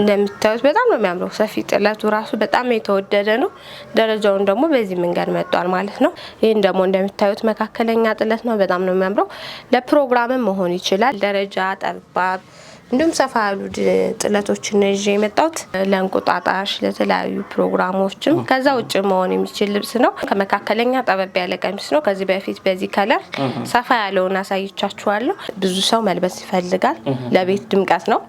እንደምታዩት በጣም ነው የሚያምረው። ሰፊ ጥለቱ ራሱ በጣም የተወደደ ነው። ደረጃውን ደግሞ በዚህ መንገድ መጥቷል ማለት ነው። ይህን ደግሞ እንደምታዩት መካከለኛ ጥለት ነው። በጣም ነው የሚያምረው። ለፕሮግራምም መሆን ይችላል። ደረጃ ጠባብ፣ እንዲሁም ሰፋ ያሉ ጥለቶችን ይዤ የመጣሁት ለእንቁጣጣሽ፣ ለተለያዩ ፕሮግራሞችም ከዛ ውጭ መሆን የሚችል ልብስ ነው። ከመካከለኛ ጠበብ ያለ ቀሚስ ነው። ከዚህ በፊት በዚህ ከለር ሰፋ ያለውን አሳይቻችኋለሁ። ብዙ ሰው መልበስ ይፈልጋል። ለቤት ድምቀት ነው።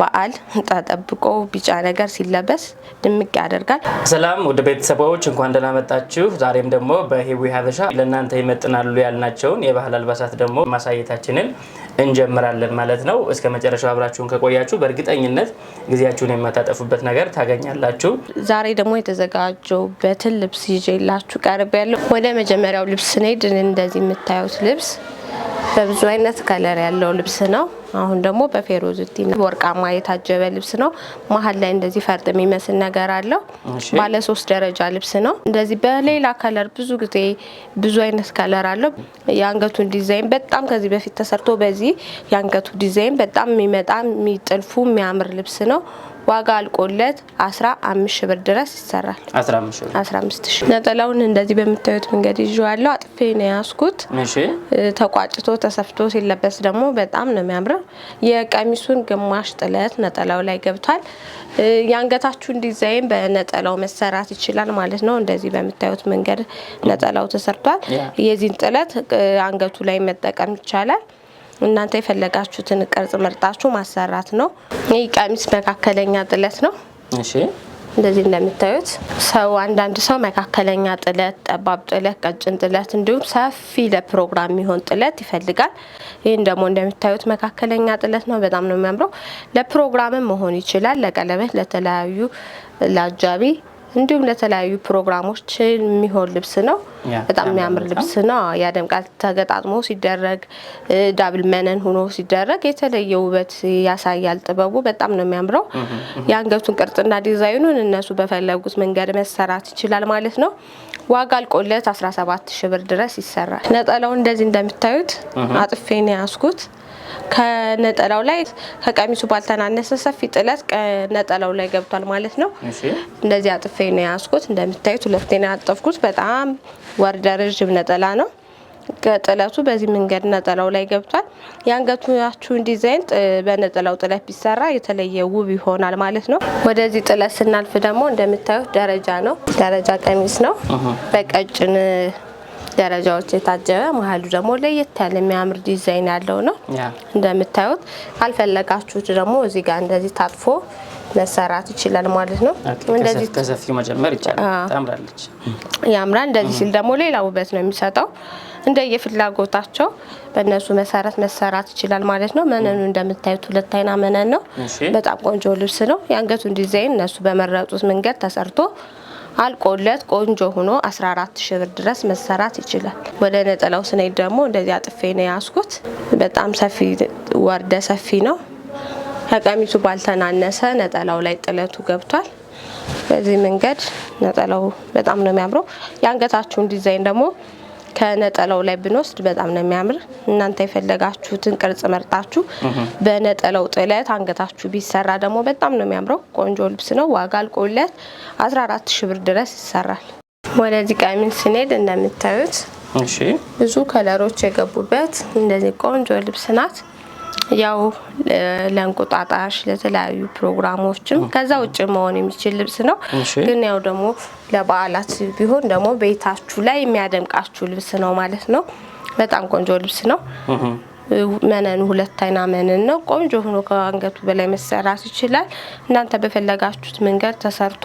በዓል ተጠብቆ ቢጫ ነገር ሲለበስ ድምቅ ያደርጋል። ሰላም ወደ ቤተሰቦች እንኳን ደህና መጣችሁ። ዛሬም ደግሞ በሄዊ ሀበሻ ለእናንተ ይመጥናሉ ያልናቸውን የባህል አልባሳት ደግሞ ማሳየታችንን እንጀምራለን ማለት ነው። እስከ መጨረሻው አብራችሁን ከቆያችሁ በእርግጠኝነት ጊዜያችሁን የማታጠፉበት ነገር ታገኛላችሁ። ዛሬ ደግሞ የተዘጋጀውበትን ልብስ ይዤላችሁ ቀርብ ያለው ወደ መጀመሪያው ልብስ ስንሄድ እንደዚህ የምታዩት ልብስ በብዙ አይነት ከለር ያለው ልብስ ነው። አሁን ደግሞ በፌሮዝቲ ወርቃማ የታጀበ ልብስ ነው። መሀል ላይ እንደዚህ ፈርጥ የሚመስል ነገር አለው። ባለ ሶስት ደረጃ ልብስ ነው። እንደዚህ በሌላ ከለር ብዙ ጊዜ ብዙ አይነት ከለር አለው። የአንገቱን ዲዛይን በጣም ከዚህ በፊት ተሰርቶ በዚህ የአንገቱ ዲዛይን በጣም የሚመጣ የሚጥልፉ የሚያምር ልብስ ነው። ዋጋ አልቆለት 15 ሺህ ብር ድረስ ይሰራል። 15 ሺህ ነጠላውን እንደዚህ በምታዩት መንገድ ይዤዋለሁ። አጥፌ ነው ያስኩት። ተቋጭቶ ተሰፍቶ ሲለበስ ደግሞ በጣም ነው የሚያምረው። የቀሚሱን ግማሽ ጥለት ነጠላው ላይ ገብቷል። የአንገታችሁን ዲዛይን በነጠላው መሰራት ይችላል ማለት ነው። እንደዚህ በምታዩት መንገድ ነጠላው ተሰርቷል። የዚህን ጥለት አንገቱ ላይ መጠቀም ይቻላል። እናንተ የፈለጋችሁትን ቅርጽ መርጣችሁ ማሰራት ነው። ይህ ቀሚስ መካከለኛ ጥለት ነው። እሺ እንደዚህ እንደምታዩት ሰው አንዳንድ ሰው መካከለኛ ጥለት፣ ጠባብ ጥለት፣ ቀጭን ጥለት እንዲሁም ሰፊ ለፕሮግራም የሚሆን ጥለት ይፈልጋል። ይህን ደግሞ እንደምታዩት መካከለኛ ጥለት ነው። በጣም ነው የሚያምረው። ለፕሮግራምም መሆን ይችላል። ለቀለበት፣ ለተለያዩ ለአጃቢ እንዲሁም ለተለያዩ ፕሮግራሞች የሚሆን ልብስ ነው። በጣም የሚያምር ልብስ ነው፣ ያደምቃል። ተገጣጥሞ ሲደረግ ዳብል መነን ሆኖ ሲደረግ የተለየ ውበት ያሳያል። ጥበቡ በጣም ነው የሚያምረው። የአንገቱን ቅርጽና ዲዛይኑን እነሱ በፈለጉት መንገድ መሰራት ይችላል ማለት ነው። ዋጋ አልቆለት 17 ሺ ብር ድረስ ይሰራል። ነጠላው እንደዚህ እንደምታዩት አጥፌን ያስኩት። ከነጠላው ላይ ከቀሚሱ ባልተናነሰ ሰፊ ጥለት ነጠላው ላይ ገብቷል ማለት ነው። እንደዚህ አጥፌ ነው ያስኩት። እንደምታዩት ሁለቴ ነው ያጠፍኩት። በጣም ወርደ ረዥም ነጠላ ነው። ጥለቱ በዚህ መንገድ ነጠላው ላይ ገብቷል። የአንገታችሁን ዲዛይን በነጠላው ጥለት ቢሰራ የተለየ ውብ ይሆናል ማለት ነው። ወደዚህ ጥለት ስናልፍ ደግሞ እንደምታዩት ደረጃ ነው። ደረጃ ቀሚስ ነው በቀጭን ደረጃዎች የታጀበ መሀሉ ደግሞ ለየት ያለ የሚያምር ዲዛይን ያለው ነው። እንደምታዩት ካልፈለጋችሁት ደግሞ እዚህ ጋር እንደዚህ ታጥፎ መሰራት ይችላል ማለት ነው። እንደዚህ ከሰፊው መጀመር ይቻላል። ታምራለች፣ ያምራል። እንደዚህ ሲል ደግሞ ሌላ ውበት ነው የሚሰጠው። እንደየፍላጎታቸው በእነሱ መሰረት መሰራት ይችላል ማለት ነው። መነኑ እንደምታዩት ሁለት አይና መነን ነው። በጣም ቆንጆ ልብስ ነው። የአንገቱን ዲዛይን እነሱ በመረጡት መንገድ ተሰርቶ አልቆለት ቆንጆ ሆኖ 14 ሺህ ብር ድረስ መሰራት ይችላል። ወደ ነጠላው ስንሄድ ደግሞ እንደዚህ አጥፌ ነው ያስኩት። በጣም ሰፊ ወርደ ሰፊ ነው። ከቀሚሱ ባልተናነሰ ነጠላው ላይ ጥለቱ ገብቷል። በዚህ መንገድ ነጠላው በጣም ነው የሚያምረው። የአንገታችሁን ዲዛይን ደግሞ ከነጠላው ላይ ብንወስድ በጣም ነው የሚያምር። እናንተ የፈለጋችሁትን ቅርጽ መርጣችሁ በነጠላው ጥለት አንገታችሁ ቢሰራ ደግሞ በጣም ነው የሚያምረው። ቆንጆ ልብስ ነው። ዋጋ አልቆለት 14 ሺህ ብር ድረስ ይሰራል። ወደዚህ ቀሚስ ስንሄድ እንደምታዩት ብዙ ከለሮች የገቡበት እንደዚህ ቆንጆ ልብስ ናት። ያው ለእንቁጣጣሽ ለተለያዩ ፕሮግራሞችም ከዛ ውጭ መሆን የሚችል ልብስ ነው። ግን ያው ደግሞ ለበዓላት ቢሆን ደግሞ ቤታችሁ ላይ የሚያደምቃችሁ ልብስ ነው ማለት ነው። በጣም ቆንጆ ልብስ ነው። መነን ሁለት አይና መነን ነው። ቆንጆ ሆኖ ከአንገቱ በላይ መሰራት ይችላል። እናንተ በፈለጋችሁት መንገድ ተሰርቶ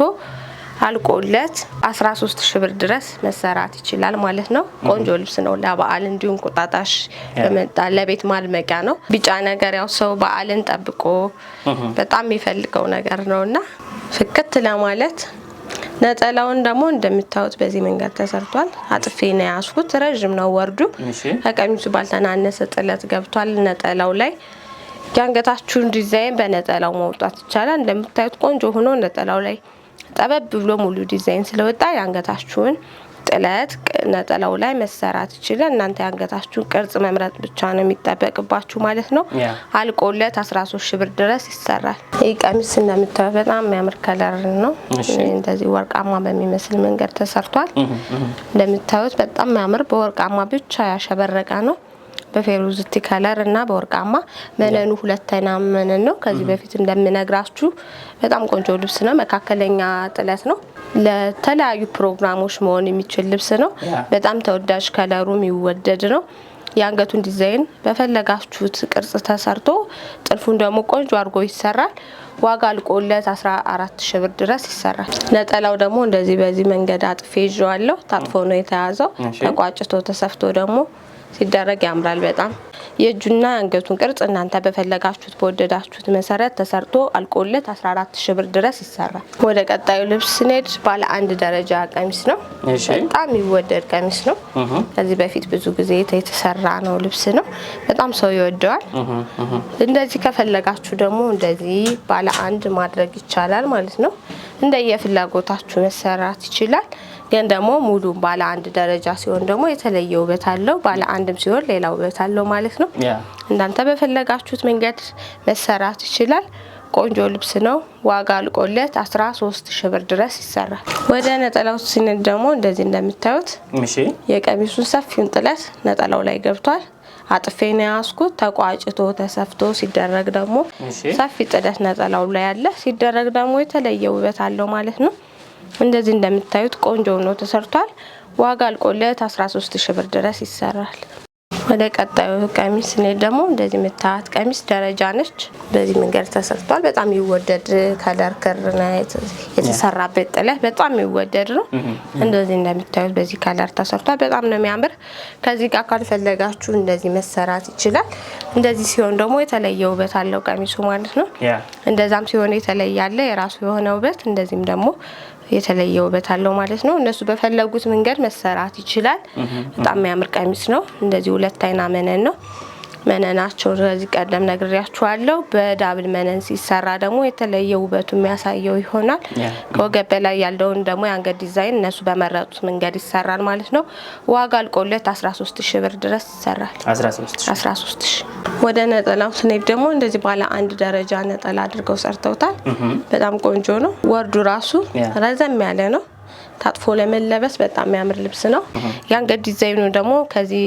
አልቆለት 13 ሺ ብር ድረስ መሰራት ይችላል ማለት ነው። ቆንጆ ልብስ ነው ለበዓል እንዲሁም ቁጣጣሽ ለመጣ ለቤት ማድመቂያ ነው። ቢጫ ነገር ያው ሰው በዓልን ጠብቆ በጣም የሚፈልገው ነገር ነው እና ፍክት ለማለት ነጠላውን ደግሞ እንደምታዩት በዚህ መንገድ ተሰርቷል። አጥፌ ነው ያስኩት። ረዥም ነው ወርዱ ከቀሚሱ ባልተናነሰ ጥለት ገብቷል ነጠላው ላይ የአንገታችሁን ዲዛይን በነጠላው መውጣት ይቻላል። እንደምታዩት ቆንጆ ሆኖ ነጠላው ላይ ጠበብ ብሎ ሙሉ ዲዛይን ስለወጣ የአንገታችሁን ጥለት ነጠላው ላይ መሰራት ይችላል። እናንተ የአንገታችሁን ቅርጽ መምረጥ ብቻ ነው የሚጠበቅባችሁ ማለት ነው። አልቆለት 13 ሺህ ብር ድረስ ይሰራል። ይህ ቀሚስ እንደምታዩት በጣም የሚያምር ከለር ነው። እንደዚህ ወርቃማ በሚመስል መንገድ ተሰርቷል። እንደምታዩት በጣም የሚያምር በወርቃማ ብቻ ያሸበረቀ ነው። በፌሮዝቲ ከለር እና በወርቃማ መነኑ ሁለተኛ መነን ነው። ከዚህ በፊት እንደምነግራችሁ በጣም ቆንጆ ልብስ ነው። መካከለኛ ጥለት ነው። ለተለያዩ ፕሮግራሞች መሆን የሚችል ልብስ ነው። በጣም ተወዳጅ ከለሩ የሚወደድ ነው። የአንገቱን ዲዛይን በፈለጋችሁት ቅርጽ ተሰርቶ ጥልፉን ደግሞ ቆንጆ አድርጎ ይሰራል። ዋጋ አልቆለት 14 ሺህ ብር ድረስ ይሰራል። ነጠላው ደግሞ እንደዚህ በዚህ መንገድ አጥፌ ይዤዋለሁ። ታጥፎ ነው የተያዘው። ተቋጭቶ ተሰፍቶ ደግሞ ሲደረግ ያምራል በጣም። የእጁና የአንገቱን ቅርጽ እናንተ በፈለጋችሁት በወደዳችሁት መሰረት ተሰርቶ አልቆለት 14 ሺህ ብር ድረስ ይሰራል። ወደ ቀጣዩ ልብስ ስንሄድ ባለ አንድ ደረጃ ቀሚስ ነው። በጣም የሚወደድ ቀሚስ ነው። ከዚህ በፊት ብዙ ጊዜ የተሰራ ነው ልብስ ነው። በጣም ሰው ይወደዋል። እንደዚህ ከፈለጋችሁ ደግሞ እንደዚህ ባለ አንድ ማድረግ ይቻላል ማለት ነው። እንደየፍላጎታችሁ መሰራት ይችላል። ግን ደግሞ ሙሉ ባለ አንድ ደረጃ ሲሆን ደግሞ የተለየ ውበት አለው። ባለ አንድም ሲሆን ሌላ ውበት አለው ማለት ነው። እናንተ በፈለጋችሁት መንገድ መሰራት ይችላል። ቆንጆ ልብስ ነው። ዋጋ አልቆለት 13 ሺህ ብር ድረስ ይሰራል። ወደ ነጠላው ስንል ደግሞ እንደዚህ እንደምታዩት የቀሚሱን ሰፊውን ጥለት ነጠላው ላይ ገብቷል። አጥፌ ነው ያስኩት። ተቋጭቶ ተሰፍቶ ሲደረግ ደግሞ ሰፊ ጥለት ነጠላው ላይ አለ። ሲደረግ ደግሞ የተለየ ውበት አለው ማለት ነው። እንደዚህ እንደምታዩት ቆንጆ ሆኖ ተሰርቷል። ዋጋ አልቆለት 13 ሺህ ብር ድረስ ይሰራል። ወደ ቀጣዩ ቀሚስ ስንሄድ ደግሞ እንደዚህ የምታዩት ቀሚስ ደረጃ ነች። በዚህ መንገድ ተሰርቷል። በጣም ይወደድ ከለር ክር የተሰራበት ጥለት በጣም ይወደድ ነው። እንደዚህ እንደምታዩት በዚህ ከለር ተሰርቷል። በጣም ነው የሚያምር። ከዚህ ጋር ካልፈለጋችሁ እንደዚህ መሰራት ይችላል። እንደዚህ ሲሆን ደግሞ የተለየ ውበት አለው ቀሚሱ ማለት ነው። እንደዛም ሲሆን የተለየ የራሱ የሆነ ውበት። እንደዚህም ደግሞ የተለየ ውበት አለው ማለት ነው። እነሱ በፈለጉት መንገድ መሰራት ይችላል። በጣም የሚያምር ቀሚስ ነው። እንደዚህ ሁለት አይና መነን ነው። መነናቸውን ከዚህ ቀደም ነግሬያችኋለሁ። በዳብል መነን ሲሰራ ደግሞ የተለየ ውበቱ የሚያሳየው ይሆናል። ከወገብ በላይ ያለውን ደግሞ የአንገት ዲዛይን እነሱ በመረጡት መንገድ ይሰራል ማለት ነው። ዋጋ አልቆለት 13 ሺ ብር ድረስ ይሰራል። 13 ሺ። ወደ ነጠላው ስኔድ ደግሞ እንደዚህ ባለ አንድ ደረጃ ነጠላ አድርገው ሰርተውታል። በጣም ቆንጆ ነው። ወርዱ ራሱ ረዘም ያለ ነው። ታጥፎ ለመለበስ በጣም የሚያምር ልብስ ነው። የአንገት ዲዛይኑ ደግሞ ከዚህ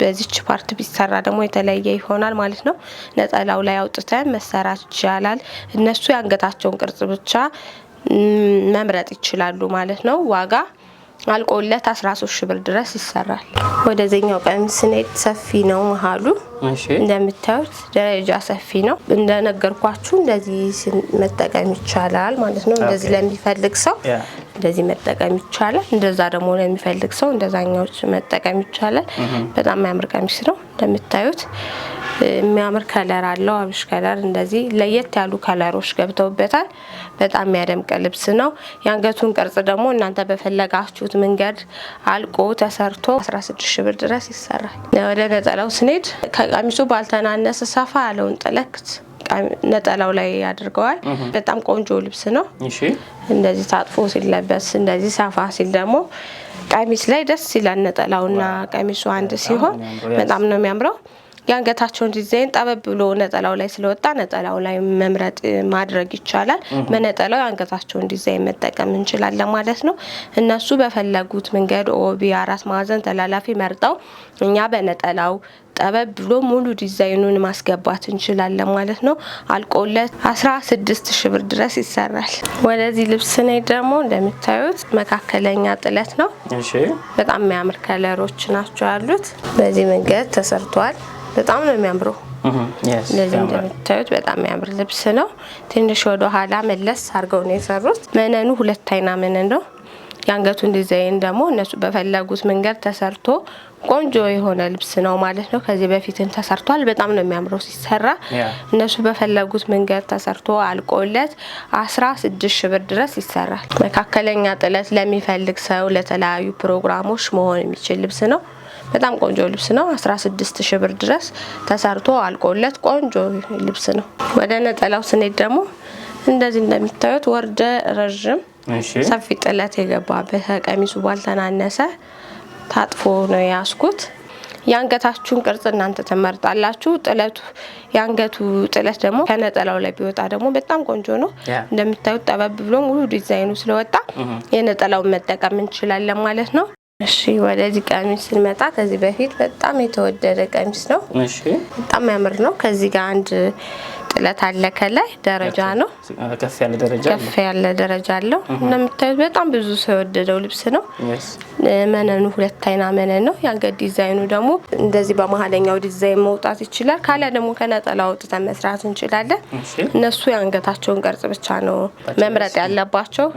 በዚች ፓርት ቢሰራ ደግሞ የተለየ ይሆናል ማለት ነው። ነጠላው ላይ አውጥተን መሰራት ይቻላል። እነሱ የአንገታቸውን ቅርጽ ብቻ መምረጥ ይችላሉ ማለት ነው። ዋጋ አልቆለት 13 ሺ ብር ድረስ ይሰራል። ወደዚህኛው ቀሚስ ስንሄድ ሰፊ ነው መሀሉ እንደምታዩት ደረጃ ሰፊ ነው። እንደነገርኳችሁ እንደዚህ መጠቀም ይቻላል ማለት ነው። እንደዚህ ለሚፈልግ ሰው እንደዚህ መጠቀም ይቻላል። እንደዛ ደግሞ ለሚፈልግ ሰው እንደዛኛዎች መጠቀም ይቻላል። በጣም የሚያምር ቀሚስ ነው እንደምታዩት የሚያምር ከለር አለው። አብሽ ከለር እንደዚህ ለየት ያሉ ከለሮች ገብተውበታል። በጣም የሚያደምቅ ልብስ ነው። የአንገቱን ቅርጽ ደግሞ እናንተ በፈለጋችሁት መንገድ አልቆ ተሰርቶ 16 ሺ ብር ድረስ ይሰራል። ወደ ነጠላው ስንሄድ ከቀሚሱ ባልተናነሰ ሰፋ ያለውን ጥለክት ነጠላው ላይ ያድርገዋል። በጣም ቆንጆ ልብስ ነው። እንደዚህ ታጥፎ ሲለበስ፣ እንደዚህ ሰፋ ሲል ደግሞ ቀሚስ ላይ ደስ ይላል። ነጠላውና ቀሚሱ አንድ ሲሆን በጣም ነው የሚያምረው። የአንገታቸውን ዲዛይን ጠበብ ብሎ ነጠላው ላይ ስለወጣ ነጠላው ላይ መምረጥ ማድረግ ይቻላል። በነጠላው የአንገታቸውን ዲዛይን መጠቀም እንችላለን ማለት ነው። እነሱ በፈለጉት መንገድ ኦቢ፣ አራት ማዕዘን፣ ተላላፊ መርጠው እኛ በነጠላው ጠበብ ብሎ ሙሉ ዲዛይኑን ማስገባት እንችላለን ማለት ነው። አልቆለት አስራ ስድስት ሺ ብር ድረስ ይሰራል። ወደዚህ ልብስ እኔ ደግሞ እንደምታዩት መካከለኛ ጥለት ነው። በጣም የሚያምር ከለሮች ናቸው ያሉት። በዚህ መንገድ ተሰርቷል። በጣም ነው የሚያምረው። እንደዚህ እንደምታዩት በጣም የሚያምር ልብስ ነው። ትንሽ ወደ ኋላ መለስ አድርገው ነው የሰሩት። መነኑ ሁለት አይና መነን ነው። የአንገቱን ዲዛይን ደግሞ እነሱ በፈለጉት መንገድ ተሰርቶ ቆንጆ የሆነ ልብስ ነው ማለት ነው። ከዚህ በፊትም ተሰርቷል። በጣም ነው የሚያምረው ሲሰራ። እነሱ በፈለጉት መንገድ ተሰርቶ አልቆለት አስራ ስድስት ሺ ብር ድረስ ይሰራል። መካከለኛ ጥለት ለሚፈልግ ሰው ለተለያዩ ፕሮግራሞች መሆን የሚችል ልብስ ነው። በጣም ቆንጆ ልብስ ነው። 16 ሺህ ብር ድረስ ተሰርቶ አልቆለት ቆንጆ ልብስ ነው። ወደ ነጠላው ስኔት ደግሞ እንደዚህ እንደሚታዩት ወርደ ረዥም ሰፊ ጥለት የገባበት ከቀሚሱ ባልተናነሰ ታጥፎ ነው የያዝኩት። የአንገታችሁን ቅርጽ እናንተ ተመርጣላችሁ ጥለቱ የአንገቱ ጥለት ደግሞ ከነጠላው ላይ ቢወጣ ደግሞ በጣም ቆንጆ ነው። እንደምታዩት ጠበብ ብሎ ሙሉ ዲዛይኑ ስለወጣ የነጠላውን መጠቀም እንችላለን ማለት ነው። እሺ ወደዚህ ቀሚስ ስንመጣ ከዚህ በፊት በጣም የተወደደ ቀሚስ ነው። እሺ በጣም ያምር ነው። ከዚህ ጋር አንድ ጥለት አለ። ከላይ ደረጃ ነው፣ ከፍ ያለ ደረጃ አለው። እንደምታዩት በጣም ብዙ ሰው የወደደው ልብስ ነው። መነኑ ሁለት አይና መነን ነው። የአንገት ዲዛይኑ ደግሞ እንደዚህ በመሀለኛው ዲዛይን መውጣት ይችላል። ካሊያ ደግሞ ከነጠላ አውጥተን መስራት እንችላለን። እነሱ የአንገታቸውን ቅርጽ ብቻ ነው መምረጥ ያለባቸው።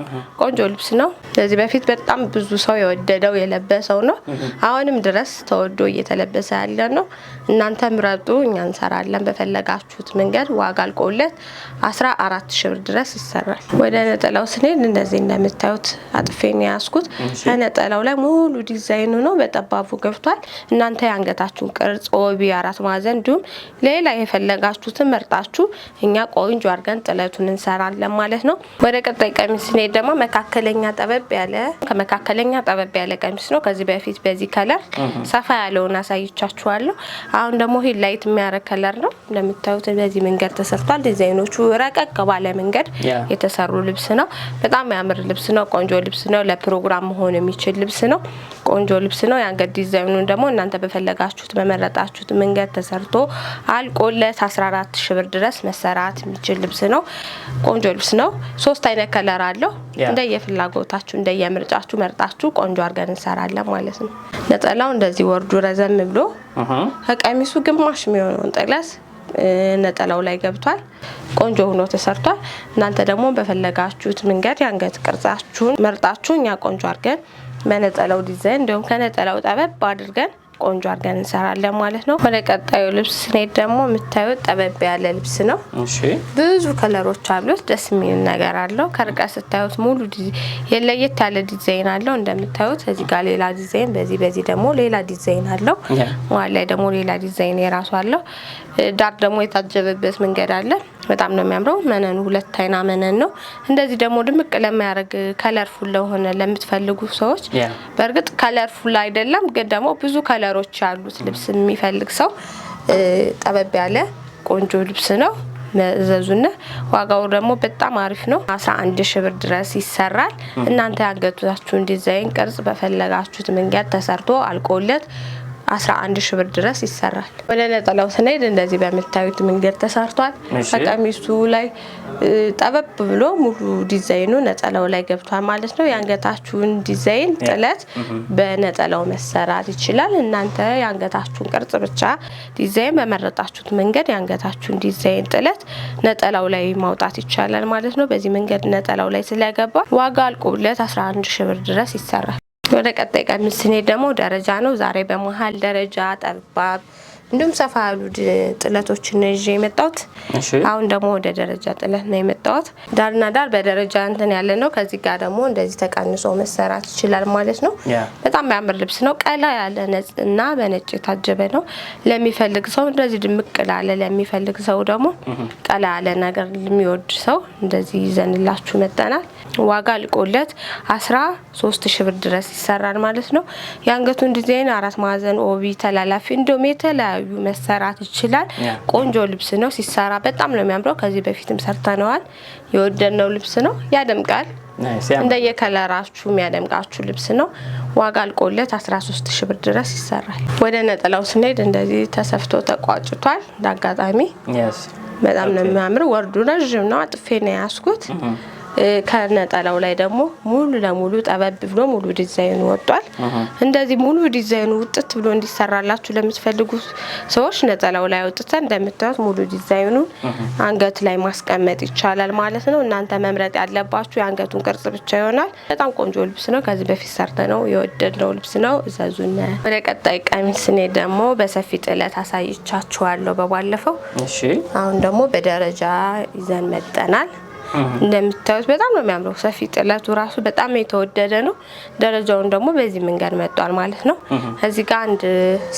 ቆንጆ ልብስ ነው። ከዚህ በፊት በጣም ብዙ ሰው የወደደው የለበሰው ነው። አሁንም ድረስ ተወዶ እየተለበሰ ያለ ነው። እናንተ ምረጡ፣ እኛ እንሰራለን። በፈለጋችሁት መንገድ ዋጋ አልቆለት አስራ አራት ሺ ብር ድረስ ይሰራል። ወደ ነጠላው ስንሄድ እንደዚህ እንደምታዩት አጥፌን ያስኩት። ከነጠላው ላይ ሙሉ ዲዛይኑ ነው በጠባቡ ገብቷል። እናንተ የአንገታችሁን ቅርጽ፣ ኦቢ፣ አራት ማዕዘን እንዲሁም ሌላ የፈለጋችሁትን መርጣችሁ እኛ ቆንጆ አድርገን ጥለቱን እንሰራለን ማለት ነው። ወደ ቀጣይ ቀሚስ ስንሄድ ደግሞ መካከለኛ ጠበብ ያለ ከመካከለኛ ጠበብ ያለ ቀሚስ ነው። ከዚህ በፊት በዚህ ከለር ሰፋ ያለውን አሳይቻችኋለሁ። አሁን ደግሞ ሂል ላይት የሚያደርግ ከለር ነው። እንደምታዩት በዚህ መንገድ ተሰርቷል። ዲዛይኖቹ ረቀቅ ባለ መንገድ የተሰሩ ልብስ ነው። በጣም ያምር ልብስ ነው። ቆንጆ ልብስ ነው። ለፕሮግራም መሆን የሚችል ልብስ ነው። ቆንጆ ልብስ ነው። የአንገት ዲዛይኑ ደግሞ እናንተ በፈለጋችሁት በመረጣችሁት መንገድ ተሰርቶ አልቆለት 14 ሺ ብር ድረስ መሰራት የሚችል ልብስ ነው። ቆንጆ ልብስ ነው። ሶስት አይነት ከለር አለው። እንደየፍላጎታችሁ እንደየምርጫችሁ መርጣችሁ ቆንጆ አድርገን እንሰራለን ማለት ነው። ነጠላው እንደዚህ ወርዱ ረዘም ብሎ ከቀሚሱ ግማሽ የሚሆነውን ጥለት ነጠላው ላይ ገብቷል። ቆንጆ ሆኖ ተሰርቷል። እናንተ ደግሞ በፈለጋችሁት መንገድ የአንገት ቅርጻችሁን መርጣችሁ እኛ ቆንጆ አድርገን በነጠላው ዲዛይን እንዲሁም ከነጠላው ጠበብ አድርገን ቆንጆ አድርገን እንሰራለን ማለት ነው። ወደ ቀጣዩ ልብስ ስንሄድ ደግሞ የምታዩት ጠበብ ያለ ልብስ ነው። ብዙ ከለሮች አሉት። ደስ የሚል ነገር አለው። ከርቀት ስታዩት ሙሉ ለየት ያለ ዲዛይን አለው። እንደምታዩት እዚህ ጋር ሌላ ዲዛይን፣ በዚህ በዚህ ደግሞ ሌላ ዲዛይን አለው። መሀል ላይ ደግሞ ሌላ ዲዛይን የራሱ አለው። ዳር ደግሞ የታጀበበት መንገድ አለ። በጣም ነው የሚያምረው። መነኑ ሁለት አይና መነን ነው። እንደዚህ ደግሞ ድምቅ ለሚያደርግ ከለርፉል ለሆነ ለምትፈልጉ ሰዎች በእርግጥ ከለርፉል አይደለም፣ ግን ደግሞ ብዙ ከለሮች ያሉት ልብስ የሚፈልግ ሰው ጠበብ ያለ ቆንጆ ልብስ ነው። መዘዙና ዋጋው ደግሞ በጣም አሪፍ ነው። አስራ አንድ ሺ ብር ድረስ ይሰራል። እናንተ ያገቱታችሁን ዲዛይን ቅርጽ በፈለጋችሁት መንገድ ተሰርቶ አልቆለት 11 ሺ ብር ድረስ ይሰራል። ወደ ነጠላው ስንሄድ እንደዚህ በምታዩት መንገድ ተሰርቷል። ከቀሚሱ ላይ ጠበብ ብሎ ሙሉ ዲዛይኑ ነጠላው ላይ ገብቷል ማለት ነው። የአንገታችሁን ዲዛይን ጥለት በነጠላው መሰራት ይችላል። እናንተ የአንገታችሁን ቅርጽ ብቻ ዲዛይን በመረጣችሁት መንገድ የአንገታችሁን ዲዛይን ጥለት ነጠላው ላይ ማውጣት ይቻላል ማለት ነው። በዚህ መንገድ ነጠላው ላይ ስለገባ ዋጋ አልቆለት 11 ሺ ብር ድረስ ይሰራል። ወደ ቀጣይ ቀን ስንሄድ ደግሞ ደረጃ ነው። ዛሬ በመሀል ደረጃ፣ ጠባብ እንዲሁም ሰፋ ያሉ ጥለቶችን ነው ይዤ የመጣሁት። አሁን ደግሞ ወደ ደረጃ ጥለት ነው የመጣሁት። ዳርና ዳር በደረጃ እንትን ያለ ነው። ከዚህ ጋር ደግሞ እንደዚህ ተቀንሶ መሰራት ይችላል ማለት ነው። በጣም የሚያምር ልብስ ነው። ቀላ ያለ እና በነጭ የታጀበ ነው። ለሚፈልግ ሰው እንደዚህ ድምቅ ላለ ለሚፈልግ ሰው ደግሞ ቀላ ያለ ነገር የሚወድ ሰው እንደዚህ ይዘንላችሁ መጠናል። ዋጋ ልቆለት አስራ ሶስት ሺ ብር ድረስ ይሰራል ማለት ነው። የአንገቱን ዲዛይን አራት ማዕዘን ኦቢ፣ ተላላፊ እንዲሁም የተለያዩ መሰራት ይችላል። ቆንጆ ልብስ ነው። ሲሰራ በጣም ነው የሚያምረው። ከዚህ በፊትም ሰርተነዋል። የወደድነው ልብስ ነው። ያደምቃል። እንደየከለራችሁ የሚያደምቃችሁ ልብስ ነው። ዋጋ አልቆለት 13 ሺ ብር ድረስ ይሰራል። ወደ ነጠላው ስንሄድ እንደዚህ ተሰፍቶ ተቋጭቷል። እንደ አጋጣሚ በጣም ነው የሚያምር። ወርዱ ረዥም ነው። አጥፌ ነው ያስኩት። ከነጠላው ላይ ደግሞ ሙሉ ለሙሉ ጠበብ ብሎ ሙሉ ዲዛይኑ ወጧል። እንደዚህ ሙሉ ዲዛይኑ ውጥት ብሎ እንዲሰራላችሁ ለምትፈልጉ ሰዎች ነጠላው ላይ አውጥተን እንደምታዩት ሙሉ ዲዛይኑን አንገት ላይ ማስቀመጥ ይቻላል ማለት ነው። እናንተ መምረጥ ያለባችሁ የአንገቱን ቅርጽ ብቻ ይሆናል። በጣም ቆንጆ ልብስ ነው። ከዚህ በፊት ሰርተ ነው የወደድነው ልብስ ነው። እዘዙን። ወደ ቀጣይ ቀሚስ እኔ ደግሞ በሰፊ ጥለት አሳይቻችኋለሁ በባለፈው። አሁን ደግሞ በደረጃ ይዘን መጠናል። እንደምታዩት በጣም ነው የሚያምረው። ሰፊ ጥለቱ ራሱ በጣም የተወደደ ነው። ደረጃውን ደግሞ በዚህ መንገድ መጥቷል ማለት ነው። እዚህ ጋር አንድ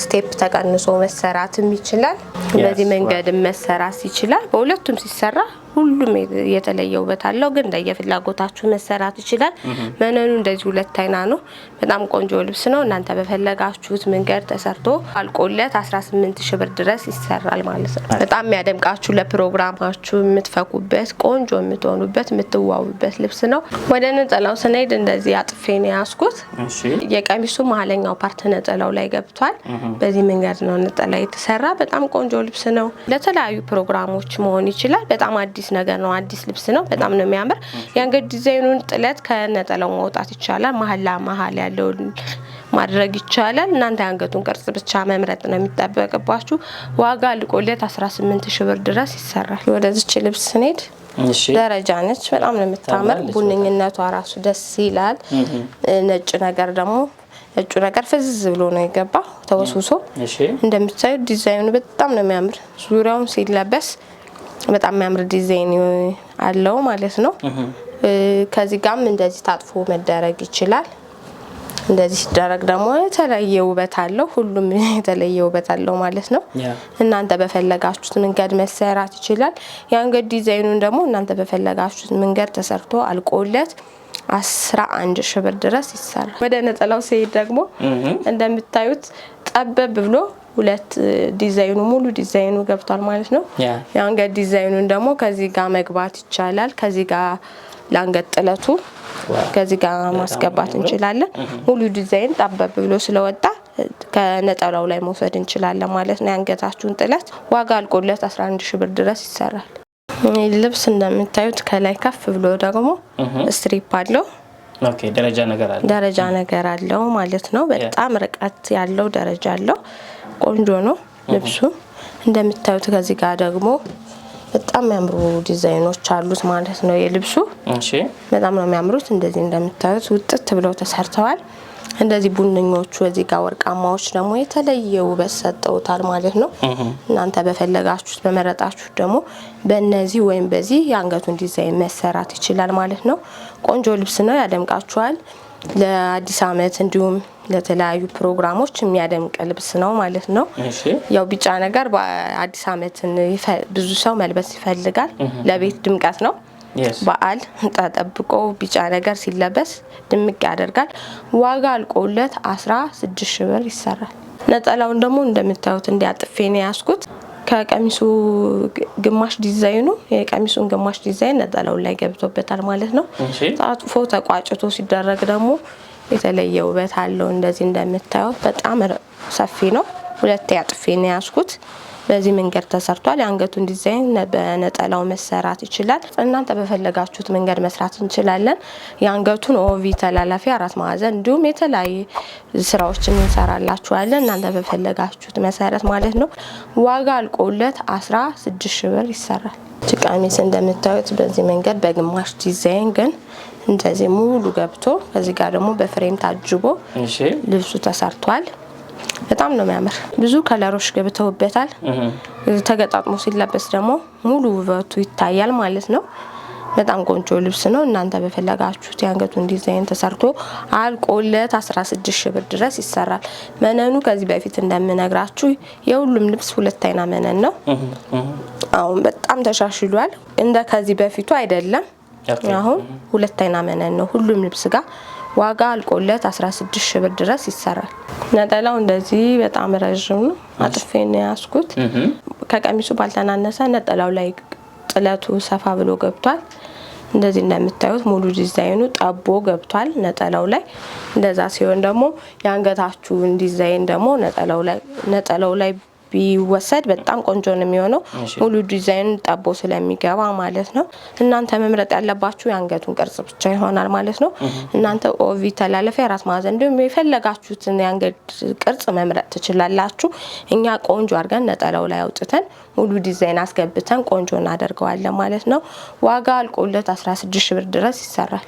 ስቴፕ ተቀንሶ መሰራትም ይችላል። በዚህ መንገድ መሰራት ይችላል። በሁለቱም ሲሰራ ሁሉም የተለየ ውበት አለው፣ ግን እንደየፍላጎታችሁ መሰራት ይችላል። መነኑ እንደዚህ ሁለት አይና ነው። በጣም ቆንጆ ልብስ ነው። እናንተ በፈለጋችሁት መንገድ ተሰርቶ አልቆለት 18 ሺ ብር ድረስ ይሰራል ማለት ነው። በጣም የሚያደምቃችሁ ለፕሮግራማችሁ የምትፈኩበት ቆንጆ የምትሆኑበት የምትዋቡበት ልብስ ነው። ወደ ነጠላው ስንሄድ እንደዚህ አጥፌ ነው ያስኩት። የቀሚሱ መሀለኛው ፓርት ነጠላው ላይ ገብቷል። በዚህ መንገድ ነው ነጠላ የተሰራ። በጣም ቆንጆ ልብስ ነው። ለተለያዩ ፕሮግራሞች መሆን ይችላል። በጣም አዲስ አዲስ ነገር ነው። አዲስ ልብስ ነው። በጣም ነው የሚያምር። የአንገት ዲዛይኑን ጥለት ከነጠላው ማውጣት ይቻላል። መሀል ያለውን ማድረግ ይቻላል። እናንተ የአንገቱን ቅርጽ ብቻ መምረጥ ነው የሚጠበቅባችሁ። ዋጋ አልቆለት 18 ሺ ብር ድረስ ይሰራል። ወደዚች ልብስ ስንሄድ ደረጃ ነች። በጣም ነው የምታምር። ቡንኝነቷ ራሱ ደስ ይላል። ነጭ ነገር ደግሞ ነጩ ነገር ፍዝዝ ብሎ ነው የገባ ተወስውሶ። እንደምታዩ ዲዛይኑ በጣም ነው የሚያምር። ዙሪያውን ሲለበስ በጣም የሚያምር ዲዛይን አለው ማለት ነው። ከዚህ ጋም እንደዚህ ታጥፎ መደረግ ይችላል። እንደዚህ ሲደረግ ደግሞ የተለየ ውበት አለው። ሁሉም የተለየ ውበት አለው ማለት ነው። እናንተ በፈለጋችሁት መንገድ መሰራት ይችላል። የአንገት ዲዛይኑን ደግሞ እናንተ በፈለጋችሁት መንገድ ተሰርቶ አልቆለት አስራ አንድ ሺ ብር ድረስ ይሰራል። ወደ ነጠላው ሲሄድ ደግሞ እንደምታዩት ጠበብ ብሎ ሁለት ዲዛይኑ ሙሉ ዲዛይኑ ገብቷል ማለት ነው። የአንገት ዲዛይኑን ደግሞ ከዚህ ጋር መግባት ይቻላል። ከዚህ ጋር ለአንገት ጥለቱ ከዚህ ጋር ማስገባት እንችላለን። ሙሉ ዲዛይን ጠበብ ብሎ ስለወጣ ከነጠላው ላይ መውሰድ እንችላለን ማለት ነው። የአንገታችሁን ጥለት ዋጋ አልቆለት 11 ሺ ብር ድረስ ይሰራል። ልብስ እንደምታዩት ከላይ ከፍ ብሎ ደግሞ ስትሪፕ አለው። ደረጃ ነገር አለው ደረጃ ነገር አለው ማለት ነው። በጣም ርቀት ያለው ደረጃ አለው። ቆንጆ ነው ልብሱ እንደምታዩት። ከዚህ ጋር ደግሞ በጣም የሚያምሩ ዲዛይኖች አሉት ማለት ነው የልብሱ። በጣም ነው የሚያምሩት። እንደዚህ እንደምታዩት ውጥት ብለው ተሰርተዋል። እንደዚህ ቡንኞቹ እዚህ ጋር ወርቃማዎች ደግሞ የተለየ ውበት ሰጠውታል ማለት ነው። እናንተ በፈለጋችሁት በመረጣችሁት ደግሞ በእነዚህ ወይም በዚህ የአንገቱን ዲዛይን መሰራት ይችላል ማለት ነው። ቆንጆ ልብስ ነው፣ ያደምቃችኋል። ለአዲስ አመት እንዲሁም ለተለያዩ ፕሮግራሞች የሚያደምቅ ልብስ ነው ማለት ነው። ያው ቢጫ ነገር በአዲስ አመትን ብዙ ሰው መልበስ ይፈልጋል። ለቤት ድምቀት ነው። በዓል ተጠብቆ ቢጫ ነገር ሲለበስ ድምቅ ያደርጋል። ዋጋ አልቆለት አስራ ስድስት ሺ ብር ይሰራል። ነጠላውን ደግሞ እንደምታዩት እንዲያጥፌ ነው ያስኩት። ከቀሚሱ ግማሽ ዲዛይኑ የቀሚሱን ግማሽ ዲዛይን ነጠላውን ላይ ገብቶበታል ማለት ነው። ታጥፎ ተቋጭቶ ሲደረግ ደግሞ የተለየ ውበት አለው። እንደዚህ እንደምታዩት በጣም ሰፊ ነው። ሁለት ያጥፌ ነው ያስኩት። በዚህ መንገድ ተሰርቷል። የአንገቱን ዲዛይን በነጠላው መሰራት ይችላል። እናንተ በፈለጋችሁት መንገድ መስራት እንችላለን። የአንገቱን ኦቪ ተላላፊ አራት ማዕዘን እንዲሁም የተለያዩ ስራዎችን እንሰራላችኋለን። እናንተ በፈለጋችሁት መሰረት ማለት ነው። ዋጋ አልቆለት አስራ ስድስት ሺ ብር ይሰራል። ጭቃሚስ እንደምታዩት በዚህ መንገድ በግማሽ ዲዛይን ግን እንደዚህ ሙሉ ገብቶ ከዚህ ጋር ደግሞ በፍሬም ታጅቦ ልብሱ ተሰርቷል። በጣም ነው የሚያምር። ብዙ ከለሮች ገብተውበታል። ተገጣጥሞ ሲለበስ ደግሞ ሙሉ ውበቱ ይታያል ማለት ነው። በጣም ቆንጆ ልብስ ነው። እናንተ በፈለጋችሁት የአንገቱን ዲዛይን ተሰርቶ አልቆለት 16 ሺህ ብር ድረስ ይሰራል። መነኑ ከዚህ በፊት እንደምነግራችሁ የሁሉም ልብስ ሁለት አይና መነን ነው። አሁን በጣም ተሻሽሏል። እንደ ከዚህ በፊቱ አይደለም። አሁን ሁለት አይና መነን ነው ሁሉም ልብስ ጋር ዋጋ አልቆለት 16 ሺህ ብር ድረስ ይሰራል። ነጠላው እንደዚህ በጣም ረዥም ነው። አጥፌ ነው ያስኩት። ከቀሚሱ ባልተናነሰ ነጠላው ላይ ጥለቱ ሰፋ ብሎ ገብቷል። እንደዚህ እንደምታዩት ሙሉ ዲዛይኑ ጠቦ ገብቷል ነጠላው ላይ። እንደዛ ሲሆን ደግሞ የአንገታችሁን ዲዛይን ደግሞ ነጠላው ላይ ቢወሰድ በጣም ቆንጆ ነው የሚሆነው። ሙሉ ዲዛይኑ ጠቦ ስለሚገባ ማለት ነው። እናንተ መምረጥ ያለባችሁ የአንገቱን ቅርጽ ብቻ ይሆናል ማለት ነው። እናንተ ኦቪ ተላለፈ የራስ ማዕዘን እንዲሁም የፈለጋችሁትን የአንገት ቅርጽ መምረጥ ትችላላችሁ። እኛ ቆንጆ አድርገን ነጠላው ላይ አውጥተን ሙሉ ዲዛይን አስገብተን ቆንጆ እናደርገዋለን ማለት ነው። ዋጋ አልቆለት 16 ሺ ብር ድረስ ይሰራል።